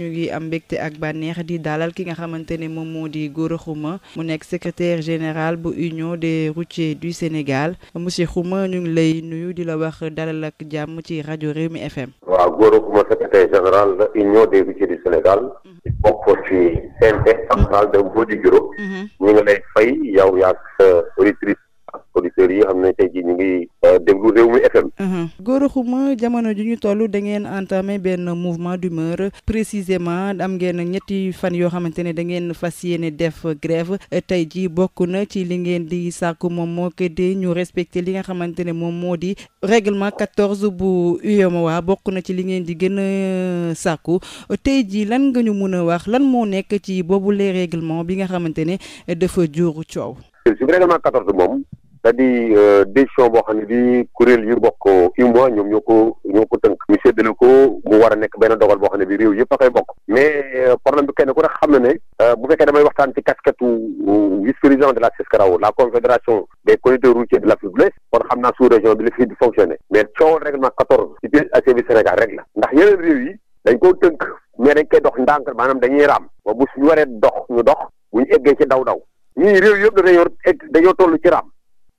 ñu ngi am mbégte ak bànneex di dalal ki nga xamante ne moom moo di Gora Khouma mu nekk secrétaire général bu union de routiers du Sénégal monsieur Khouma ñu ngi lay nuyu di la wax dalal ak jàmm ci rajo Rewmi FM. waaw Gora Khouma secrétaire général la union des routiers du Sénégal. Mhm. bokk ci CNT mhm. mhm. ñu ngi lay fay yow yaa sa auditrice ak auditeurs yi xam ne tey jii ñu ngi euh, déglu réew mi FM. Mhm. Gora Khouma jamono ju ñu toll da ngeen entamé benn mouvement d'humeur précisément am ngeen ñetti fan yoo xamante ne da ngeen fas yéene def grève tey jii bokk na ci li ngeen di sàkku moom moo ko ñu respecté li nga xamante ne moom moo di règlement 14 bu e ma waa bokk na ci li ngeen di gën a euh, sàkku tey jii lan nga ñu mun a wax lan moo nekk ci boobu les réglement bi nga xamante ne dafa jur coow. c'est-à-dire euh, boo xam ne bi kuréel yu bokk UMOA ñoom ñoo ko ñoo ko tënk ñu séddale mu war a nekk benn dogal boo xam ne bi réew yëpp a koy bokk mais euh, problème bi kenn ku ne xam ne euh, bu la CESCRAO la confédération la fi di fonctionner mais dañ koo tënk mais dañ koy dox ndànk maanaam dañuy raam ba bu suñu waree dox ñu dox bu ñu eggee ci daw daw ñii réew yëpp dañoo egg dañoo toll ci raam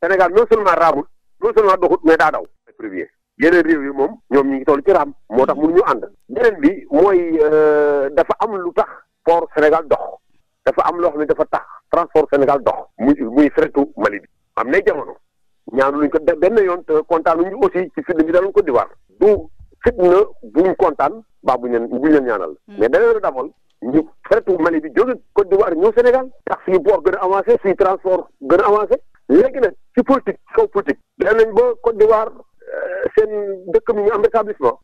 Sénégal non seulement raamul non seulement doxut mais daa daw premier yeneen réew yi moom ñoom ñu ngi toll ci raam moo tax mënuñu ànd beneen bi mooy euh, dafa am lu tax port Sénégal dox dafa am loo xam ne dafa tax transport Sénégal dox mu muy fretu Mali bi am na jamono ñaanu luñ ko benn yoon kontaan kontaan ñu aussi ci fitna bi dalañ ko diwaar du fitna buñ kontaan baa buñ leen buñ leen ñaanal hmm. mais dana leen dafal ñu xaritu Mali bi jóge Côte d'Ivoire ñëw Sénégal tax suñu port gën a avancé suñu transport gën a avancé léegi nag ci politique kaw politique dem nañ ba Côte d'Ivoire euh, seen dëkk mi ñu am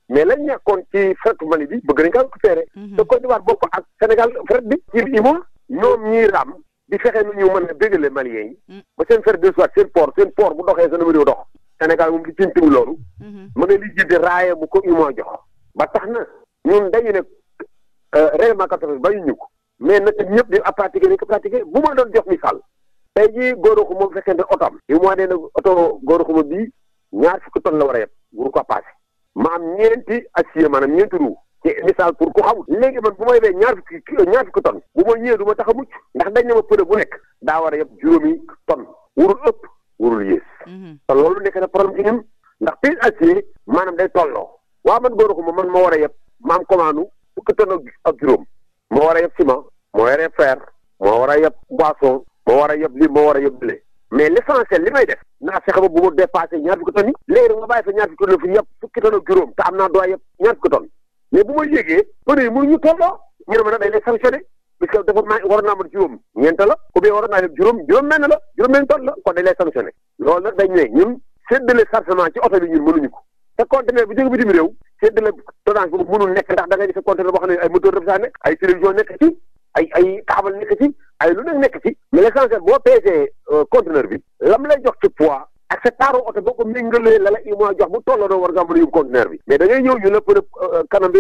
mais lañ nekkoon ci xaritu Mali bi bëgg nañ ko récupéré mhm. te Côte d'Ivoire bokk ak Sénégal fret bi ci IMO ñoom ñiy raam di fexe nu ñu mën a bégale Maliens yi mm. ba seen fret de soit seen port seen port bu doxee sa numéro dox Sénégal moom li ci loolu ma mhm. nga lijjanti raaye règlement 80 bañuñu ko mais nag ñëpp di ab pratiqué dañ ko bu ma doon jox misaal tey jii góoru xuma bu fekkee ne moo nee na oto góoru xuma bii ñaar fukki tonne la war a yeb wuru ko passé maam ñeenti acier maanaam ñeenti ruu ci misaal pour ku xamul léegi man bu ma yebee ñaar fukki ñaar fukki tonne bu ma ñëwee du ma tax a mucc ndax dañ ne ma pëne bu nekk daa war a yeb juróomi tonne wurul ëpp wurul yées mhm. te loolu nekk na problème ci ñun ndax pièce acier maanaam day tolloo waa man góoru ma man ma war a yeb maam commande fukki tonne ak juróom moo war a yeb ciment moo war a yeb fer moo war a yeb boisson moo war a yeb lii moo war a yeb lii mais l'essentiel li may def naa fexe ba bu ma dépassé ñaar fukki tonne yi léegi nga bàyyi fa ñaar fukki tonne fu bu ma yéegee pneu yi mënuñu tolloo ñu ne nag dañ lay sanctionné parce que dafa maa waroon naa mën juróom ñeent la ou bien waroon naa juróom juróom benn la juróom benn tonne la kon dañ lay sanctionné loolu nag dañ ne ñun séddale chargement ci ko te séddale Sonac boobu mënul nekk ndax da ngay gis boo xam ne ay moteur rëb saa nekk ay télévision nekk ci ay ay taabal nekk ci ay lu nekk nekk ci mais euh, bi lam lay jox ci poids ak sa taaru oto boo ko la la UMOA jox bu tolloo bi da ngay ñëw ñu nëpp euh, kanam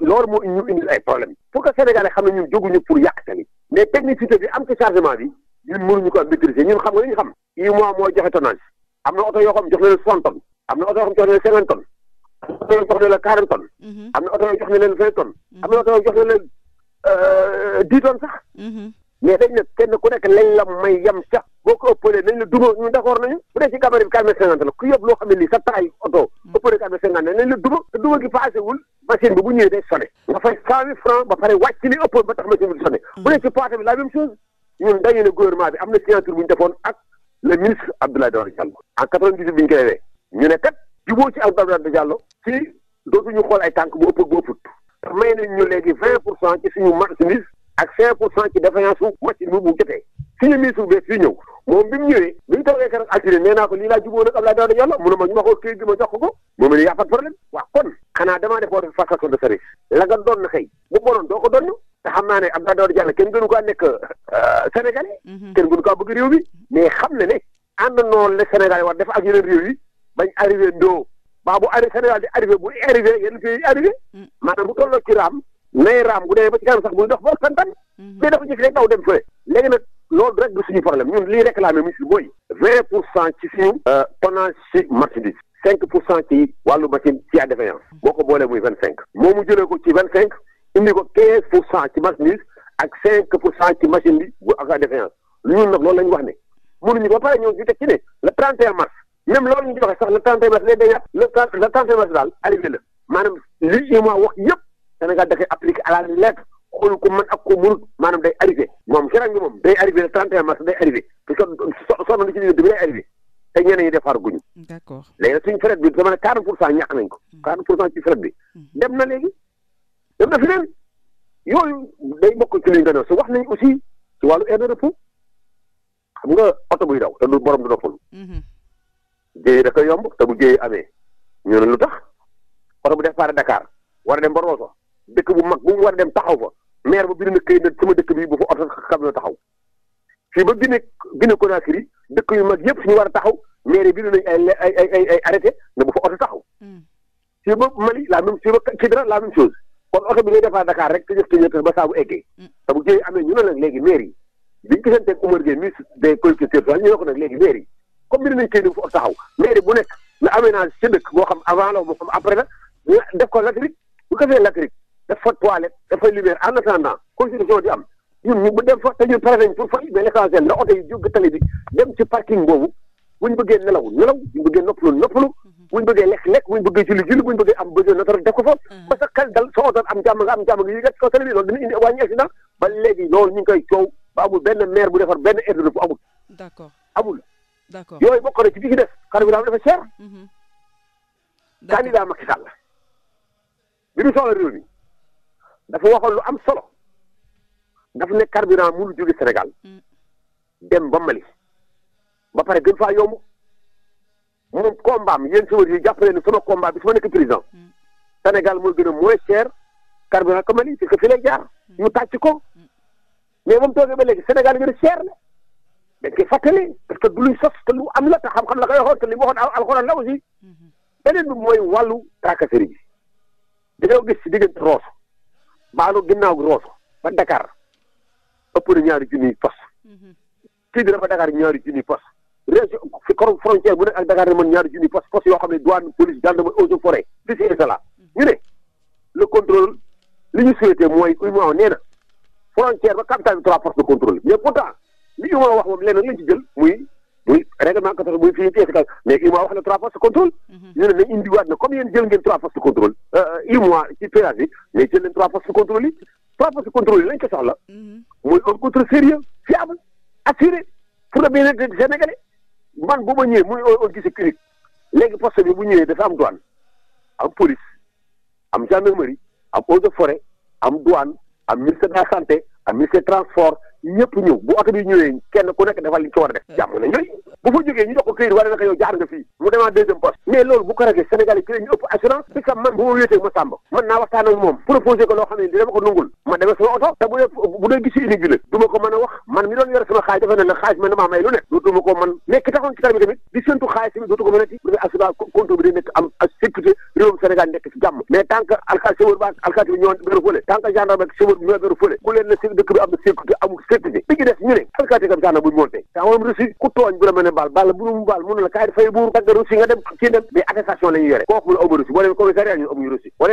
loolu moo ñu indil ay problème pour que sénégalais xam ne ñun jóguñu pour yàq tamit mais technicité am ci chargement bi ñun mënuñu ko maîtriser xam nga li ñu xam UMOA mooy joxe tonnage am na oto yoo xam jox leen soixante tonnes am na oto yoo xam ne jox na leen cinquante tonnes am na oto yoo jox na leen quarante tonnes. Mhm. am na oto yoo jox na leen vingt mhm. euh, sax. Mhm. mais dañ ne kenn ku nekk lañ la may yam sax boo ko ëppalee nañ la duma ñu d'accord nañu bu dee ci gabarit bi quatre mètres cinquante la ku yóbbu loo xam ne sa taay oto ëppalee quatre mètres cinquante nañ la duma te duma gi passé wul machine bi bu ñëwee day sonné nga fay cent mille francs ba pare wàcc li ëppoon ba tax machine bi di bu dee ci poids am na signature bu ñu defoon ak ñu ne kat juboo ci Albarka Diallo fii dootuñu xool ay tànk bu ëpp bu ëpput ndax may nañ ñu léegi vingt pour cent ci suñu marchandise ak cinq pour cent ci défaillance su machine bi bu jotee suñu ministre bees fii ñëw moom bi mu ñëwee bi ñu toogee keroog altine nee naa ko lii laa juboo nag Abdoulaye Daouda Diallo mu ne ma ñu ma ko kii bi ma jox ko moom la yaa fat problème waaw kon xanaa damaa def war doon na xëy bu ko doon te xam naa ne Abdoulaye Daouda Diallo kenn gënu kaa nekk euh, Sénégalais mhm. kenn gënu kaa bëgg réew bi mais xam na ne ànd noonu la Sénégalais war def ak yeneen réew yi bañ arrivé do baa bu arrivé Sénégal di arrivé bu arrivé yenn pays yi arrivé mm. maanaam bu tolloo ci raam nay raam bu dee ba ci kanam sax muy dox ba santan mm-hmm. mais dafa jëkk rek daw dem fële léegi nag rek du suñu problème ñun liy réclamé ministre mooy vingt pour cent ci suñu euh, tonnage ci marchandise cinq pour cent ci wàllu machine ci à défaillance mm-hmm. boo ko boolee muy vingt cinq moo mu jëlee ko ci vingt cinq indi ko quinze pour cent ci marchandise ak cinq pour cent ci machine bi bu ak à défaillance ñun nag loolu lañu wax ne mënuñu ba pare ñoom même loolu ñu joxe sax le 31 mars day day le 30 le 31 mars daal arrivé la maanaam li ima wax yëpp Sénégal da koy appliqué à la lettre xool ko mën ak ko mënut maanaam day arrivé moom xerang gi moom day arrivé le 31 mars day arrivé te so sonn li ci diggante bi day arrivé te ñeneen ñi defar guñu. d'accord léegi nag suñu fret bi dama ne 40 pour cent ñàkk nañ ko. 40 hmm. pour cent ci fret bi. Hmm. dem na léegi dem na feneen yooyu day bokk ci liñ su wax nañ aussi nga oto buy daw te du borom du doxul. géey dafa yomb te bu géey amee ñu ne lu tax oto bu départ dakaar war a dem ba Rosso dëkk bu mag bu mu war dem taxaw fa maire ba bind na këy na sama dëkk bi bu fa oto xam na taxaw fii ba Guinée Guinée Conakry dëkk yu mag yëpp suñu war a taxaw maire bind nañ ay ay ay ay ay arrêté ne bu fa oto taxaw hmm. fii ba Mali la même fii ba Kidira la même chose kon oto bi ngay départ Dakar rek te jëf te ñëw ba saa bu eggee hmm. te bu géey ñu ne leen léegi maire bi biñ gisanteeg Umar de ministre des collectivités ñu ne ko nag léegi maire comme bind nañ kay dim fu ab taxaw mairie bu nekk na aménage sa dëkk moo xam avant la moo xam après la def ko latérite bu ko fee def fa toilette dafa fa te ñun pare nañ pour fa mais l'essentiel na oto yi jóg tali bëggee nelaw nelaw buñ bëggee noppalu noppalu bëggee lekk lekk buñ bëggee julli julli buñ bëggee am besoin naturel def ko fa ba mm-hmm. sa xel dal sa oto am jàmm nga am jàmm nga yëgat ko tali bi loolu dina indi wàññi accident ba léegi loolu ñu ngi koy coow ba amul benn maire bu defar benn aire amul d'accord yooyu bokk na ci bi def carburant bi dafa cher. Mhm. candidat Macky Sall bi mu soxla réew mi dafa waxoon lu am solo dafa nekk carburant mënu jóge Sénégal mm. dem ba Mali ba pare gën faa yomb moom kombaam yi jàpp leen ni sama bi su nekk président mm. Sénégal mooy gën a moins cher carburant que Mali parce que fi mm. ñu tàcc ko mais moom toogee ba léegi Sénégal gën a cher la. dañ koy fàttali parce que du luy sos te lu am la te xam-xam la koy waxoon te li mu waxoon alxuraan la aussi mhm. beneen bi mooy wàllu tracasserie bi dañoo gis si diggante Rosso baanu ginnaaw Rosso ba Dakar ëpp na ñaari junniy poste Kidira mhm. ba Dakar ñaari junniy poste région fi korom frontière bu nekk ak Dakar ne man ñaari junniy poste poste yoo xam ne douane police gendarmerie eaux et forêt fi si installé mhm. ñu ne le contrôle li ñu souhaité mooy UEMOA nee na frontière ba capitale bi trois postes de contrôle mais pourtant. li UMA wax moom leneen lañ ci jël muy muy règlement 14 muy fii ci kaw mais UMA wax na trois postes contrôle. Mhm. ñu ne nañ indiwaat na comme yéen jël ngeen trois postes contrôle UMA euh, ci péage bi jël leen trois postes contrôle yi trois postes contrôle yi lañ ko soxla. Mhm. muy un contrôle sérieux fiable assuré pour le bien-être des man bu ma ñëwee muy un gise clinique léegi poste bi bu ñëwee dafa am douane am police am gendarmerie am eaux et forêt am douane am ministère de la am ministère ñëpp ñëw bu oto bi ñëwee kenn ku nekk defal li ci war a def hmm. jàmm na ñooy bu fa jógee ñu jox ko këyit war naka yow jaar nga fii mu demaat deuxième poste mais loolu bu ko rafet Sénégal yi ci man bu ma wéetee man naa waxtaan ak moom proposé ko loo xam ne dina ko nungul ma demee sama oto te bu dee bu dee gisi bi la du ma ko a wax man mi doon yore sama xaalis dafa ne la xaalis man damaa lu ne dootuma ko man mais ki taxoon ci tamit tamit di séntu xaalis tamit dootu a ti réewum Sénégal nekk ci jàmm mais tant alkaati bi ñoo beru fële tant que gendarme ak bi ñoo beru fële ku leen na seen dëkk bi am na sécurité ku tooñ bu la mën a baal baal bu mu la kaay fay buur dagg reçu nga dem ci dem mais la ñuy yore kooku mu la amu reçu boo demee commissariat ñun amuñu reçu mu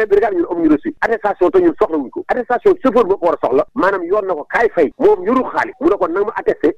ne ko nag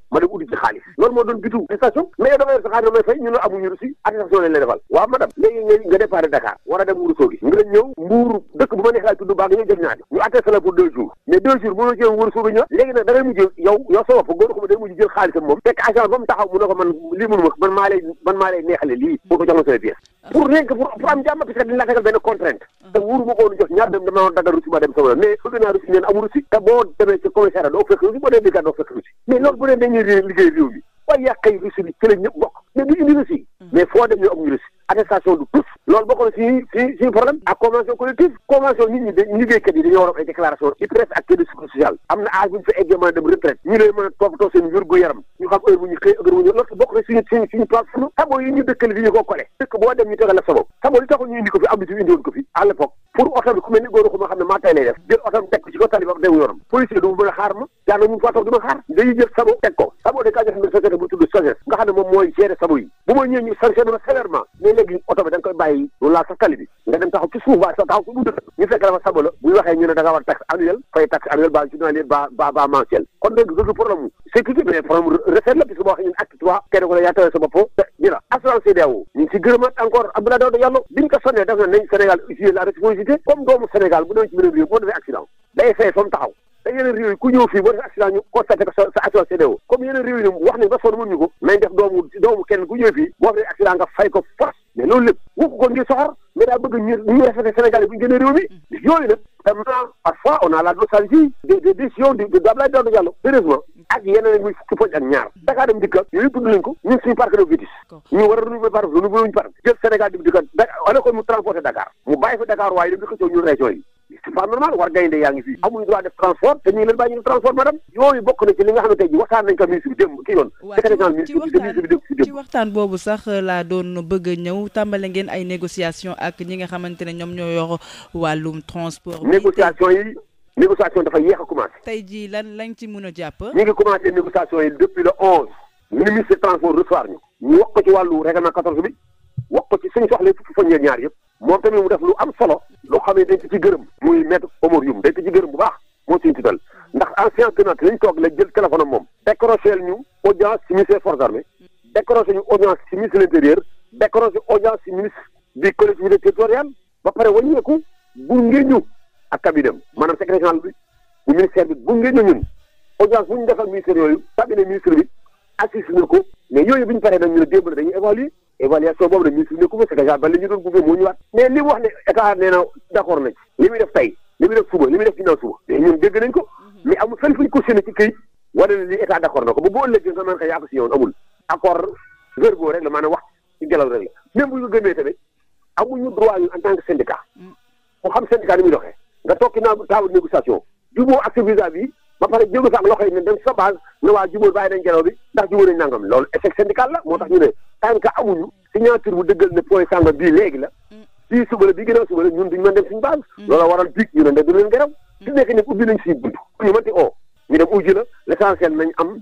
ma ma dem uddi ci xaalis loolu moo doon bitu attestation mais yow dama yor sa xaalis may fay ñun amuñu reçu attestation lañ la defal waaw madame léegi nga départ Dakar war a dem wurusoo gi nga ñëw mbuur dëkk bu ma neex laay tudd baax dañuy jëf ñaari ñu attesté la pour deux jours mais deux jours mënoo jël wurusoo gi ñëw léegi nag dara mujj yow yow sa bopp góor ko ma day mujj jël xaalisam moom fekk agent ba mu taxaw mu ne ko man lii mënu ma man maa lay man maa lay neexale lii pour ko jox ma sama pièce ah. pour rien que pour am jàmm parce que dañ la tegal benn contrainte ah. te wuru ma ko woon jox ñaar dem dama woon dagal rusi ma dem sama mais bëgg naa rusi neen amul rusi te boo demee ci commissariat doo fekk rusi boo demee brigade doo fekk rusi mais loolu bu dee dañuy liggéey réew mi waaye yàqay rusi bi ci la ñëpp bokk mais du indi rusi hmm. mais foo dem ñu am ñu rusi attestation du tous loolu bokk na si si si problème ak convention collective convention nit ñi dañu liggéeykat yi dañoo war a ay déclaration IPRES ak caisse sociale am na âge bu ñu fa eggee dem retraite ñu lay mën a toppatoo seen wérgu yaram ñu xam heure bu ñu xëy heure bu ñu loolu bokk na suñu suñu suñu plateforme taboo yi ñu dëkkale di ñu ko kole dëkk boo ñu tegal la sa xam nga li taxoon ñu indi ko fi Abdou Diouf indi woon ko ni góor xuma xam ne maa tay lay def jël oto bi teg ko a ma daana mun faa toog du ma xaar dañuy jël sabo ko sabo da kaa def benn société bu tudd SOGES nga xam ne moom mooy gérer sabo yi bu ma ñëwee ñu sanctionné ma sévèrement mais léegi oto bi da nga koy bàyyi loolu laa sax tali bi nga dem taxaw ci suuf baa war taxe annuel fay taxe annuel ba journalier Diallo bi ñu ko sonnee daf na nañ Sénégal jouer la responsabilité comme doomu Sénégal bu doon ci beneen réew boo defee accident day fay fa mu taxaw te yeneen yi ku ñëw fii boo defee accident ñu constaté ko sa assurance CDO comme yeneen yi ne wax nañ ba sonn mënuñu ko nañ def doomu doomu kenn ku ñëw fii boo defee accident nga fay ko force mais loolu lépp wukk ko ngir soxor mais daa bëgg ñu ñu Sénégal yi bu ñu génnee réew mi mm. yooyu nag te maintenant parfois on a la nostalgie des des décisions de de Abdoulaye Daouda Diallo heureusement ak yeneen muy fukki ak ñaar hmm. Dakar dem dikka yooyu tudd nañ ko ñun suñu parc de vétis ñu war a renouveler parc renouveler wuñu parc jël Sénégal di dikka Dakar wala ko mu transporté Dakar mu bàyyi Dakar waaye dem di xëccoo ñun région yi c'est pas normal war gaynde yaa ngi fii amuñu droit def transport te ñu ngi leen bàyyi ñu transport madame yooyu bokk na ci li nga xam nañ ko ministre bi démb ki yoon ci waxtaan boobu sax laa doon bëgg ñëw tàmbale ngeen ay négociation ak ñi nga xamante ne ñoom ñoo yor wàllum transport négociation yi négociation dafa yéex a commencé tey jii lan lañ ci mën a jàpp ñu ngi commencé négociation yi depuis le onze ministre transport recevoir ñu ñu wax ko ci wàllu règlement quatorze bi wax ko ci suñu soxla fukki fan ñaar yëpp moom tamit mu def lu am solo loo xam ne dañ ci gërëm muy maître Oumar Youm dañ ko ci gërëm bu baax moo ci siy tiital ndax en séance tenante lañ toog la jël téléphone am moom décroché ñu audience ci ministre des forces armées décroché ñu audience ci ministre de l'intérieur décroché audience ci ministre des collectivités territoriales ba pare wàññeeku gunge ñu ak cabinet maanaam secrétaire général bi bu ministère bi gunge ñu ñun audience bu ñu defal ministère ministre ko yooyu bi ñu paree nag ñu ne démb la évaluation boobu nag ministre bi nekku fa secrétaire ba li ñu doon mu wax ne na li muy def tey li muy def suba li muy def ginnaaw suba mais ñun dégg nañ ko mhm. mais amul fenn fu ñu ko séenee ci këyit wane na ko ba bu ëllëgee nga yoon amul accord verbaux rek la maanaam wax ci ngelaw rek la même bu ñu ko gëmee tamit amuñu droit ñun en tant que syndicat mm. ku xam syndicat ni muy doxee nga toog ci naaw table négociation jubóo ak sa bi ba pare jéego sa ak loxo yi ne dem sa base ne waa jubóo bàyyi nañ ngelaw bi ndax la moo tax ñu ne tant que amuñu signature bu dëggal ne point sànga bii léegi la fii mm. suba la bii gënaaw suba la ñun duñu mën dem suñu base mm. waral biig ñu ne nde du leen garaw su mm. nekk ne ubbi nañ siy bunt ñu mënti oo ñu dem uji la l'essentiel nañ am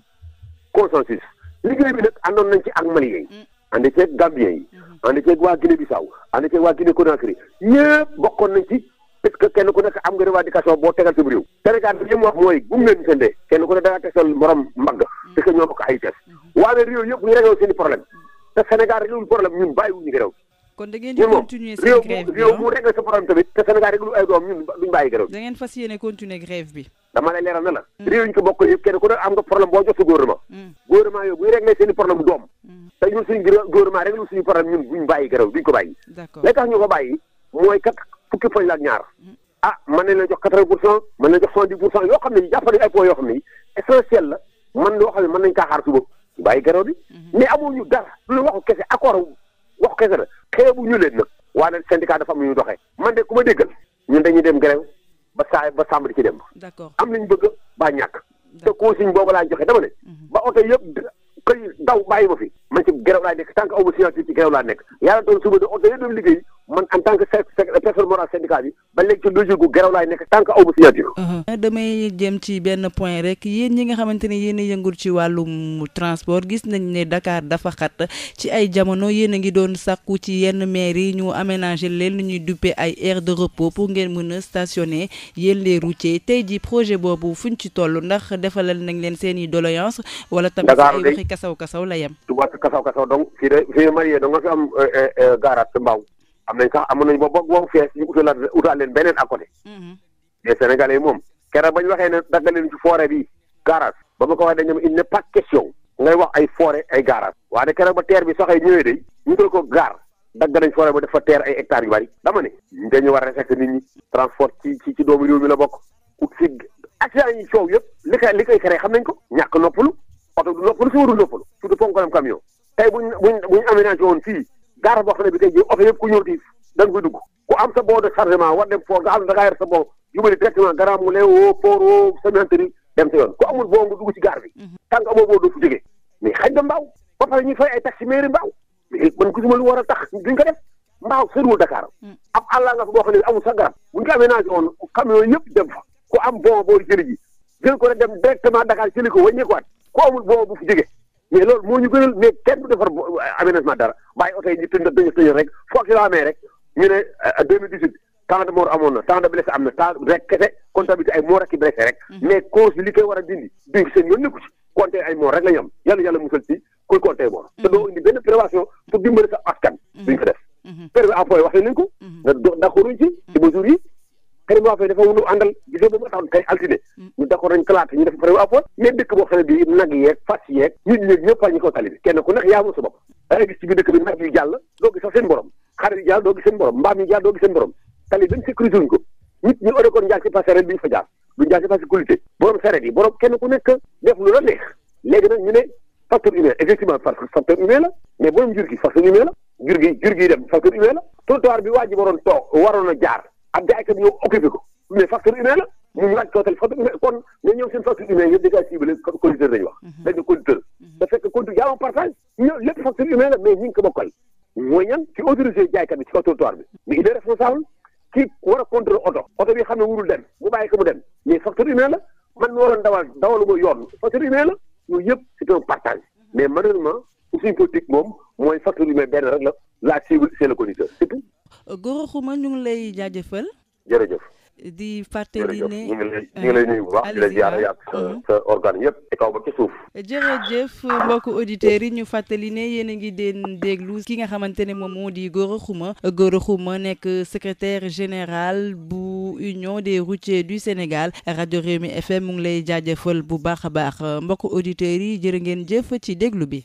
consensus liggéey bi nag àndoon nañ ci ak Maliens yi ànd ceeg Gambiens yi mm-hmm. ànd ceeg waa Guinée Bissau ànd ceeg waa Guinée Conakry ñëpp bokkoon nañ ci parce que kenn ku nekk am nga revendication boo tegal sa réew Sénégal bi li mu wax moool bu mu kenn ku ne da ngaa tegal morom mbagg parce que ñoo bokk mm-hmm. yëpp ñu te Sénégal réglul problème ñun bàyyiwuñu grève kon da ngeen di continuer seen grève bi réew ah? mu réglé sa problème tamit te Sénégal réglul ay doom ñun duñ bàyyi grève da ngeen fas yéene continuer grève bi dama lay leeral na la mm. réew ñu ko bokk yëpp kenn ku ne am nga problème boo jox sa gouvernement mm. gouvernement yooyu buy réglé seen problème doom mm. te ñun suñu gouvernement réglul suñu problème ñun buñ bàyyi grève duñ ko bàyyi la tax ñu ko bàyyi mooy kat fukki fañ la ak ñaar ah mën nañ la jox quatre ñu bàyyi garaaw bi mhm. mais ñu dara lu waxu kese accord waxu kese la bu ñu leen nag waa leen syndicat dafa am ñu doxee man de ku ma déggal ñu dañuy dem grève ba saa ba sàmm di ci dem. d'accord am nañ bëgg ba ñàkk. te consigne boobu laa joxe dama ne. Mhm. ba oto yëpp kër daw bàyyi ma fi. man ci grève laa nekk tant que aw ma ci grève laa nekk yàlla doon suba de oto yëpp doon liggéey man en tant que personne morale syndicat bi ba léegi ci logique gu geraw laay nekk tant que aw ma signature uh-huh. damay jëm ci benn point rek yéen ñi nga xamante ne yéen a yëngul ci wàllu transport gis nañ ne dakaar dafa xat ci ay jamono yéen a ngi doon sàkku ci yenn maire yi ñu aménager leen lu ñuy duppe ay aire de repos pour ngeen mën a stationner yéen les routiers tey ji projet boobu fu ñu ci toll ndax defalal nañ leen seen i doléance wala tamit ay waxi kasaw kasaw la yem. kasaw kasaw donc fii de fii am nañ sax amoon nañ ba boog moom fees ñu utalaat utaal leen beneen à côté. Mhm. mais sénégalais yi moom keroog ba ñu waxee ne daggal leen ci forêt bi garage ba ma ko waxee dañu il n'est pas question ngay wax ay forêt ay garage waaye de keroog ba terre bi soxee ñëwee de ñu utal ko gaar dagg nañ forêt ba dafa teer ay hectares yu bari dama ne dañu war a respecté nit ñi transport ci ci ci doomu réew mi la bokk ut si accident yi coow yëpp li koy li koy créé xam nañ ko ñàkk noppalu oto du noppalu si warul noppalu surtout ponkalam camion tey buñ buñ buñ aménagé woon fii gaara boo xam ne bi tey jii oto yëpp ku ñëw di da nga dugg ku am sa bon de chargement war dem fort nga da ngaa yor sa bon jubali directement garaam mu leewoo port woo sementerie dem sa yoon ku amul bon nga dugg ci gaar bi mhm. tànk amoo boo doo xañ da mbaaw ba pare ñu fay ay taxi mairie mbaaw mais man gisuma lu war a tax duñ ko def mbaaw soriwul Dakar mhm. ab àllaa nga fa boo xam ne amul sa garab buñ ko aménagé woon camion yëpp dem fa ku am bon boo jëli ji jël ko dem directement Dakar jëli ko wàññeekuwaat ku amul bon bu fu jógee mais loolu moo ñu gënal mais dara bàyyi oto yi ñu tëj tëj rek foo accident amee rek ñu ne 2018 euh, euh, tant de mort amoon na tant de blessé am na i blessé rek. Mhm. mais cause li koy a dindi duñ seen yoon nekku ci mhm. kay mhm. altiné. ñu d'accord nañ kalaat ñu def permis à point dëkk boo xam ne nag yeeg fas yeeg nit ñi ñëpp a ñu ko tali kenn ku nekk yaa moom sa da ngay gis ci biir dëkk bi nag yu jàll doo gis sax seen borom xar yu jàll doo gis seen borom mbaam yu jàll doo gis seen borom tali dañ sécurité ko nit ñi orekoon jaar ci passerelle duñ fa jaar yi borom kenn ku nekk def lu la neex léegi nag ñu ne facteur humain effectivement facteur humain la mais borom jur gi facteur humain la jur gi jur gi dem facteur humain la trottoir bi waa ji toog waroon a jaar ab jaaykat ñëw occupé ko mais facteur humain la ñu laaj ko téléphone kon ñoo ñëw seen facture humaine yëpp dégg ciblé conducteur dañu wax mhm. dañu conducteur da mhm. conducteur yaa ko bokkal mooy ñan ci a contrôler ne wurul dem ko mu dem mais facture humaine la man mi conducteur c'est tout Gora lay jaajëfal jërëjëf di fàttali ne ñu ngi lay sa euh, euh, sa organe yëpp kaw ba ci suuf. Euh, jërëjëf mbokku auditeurs yi ñu fàttali ne yéen a ngi deen déglu ki nga xamante ne moom moo di Gora Khouma Gora Khouma nekk secretaire général bu union des routiers du Sénégal rajo Rewmi FM mu ngi lay jaajëfal bu baax a baax mbokk auditeurs yi jërë ngeen jëf ci déglu bi.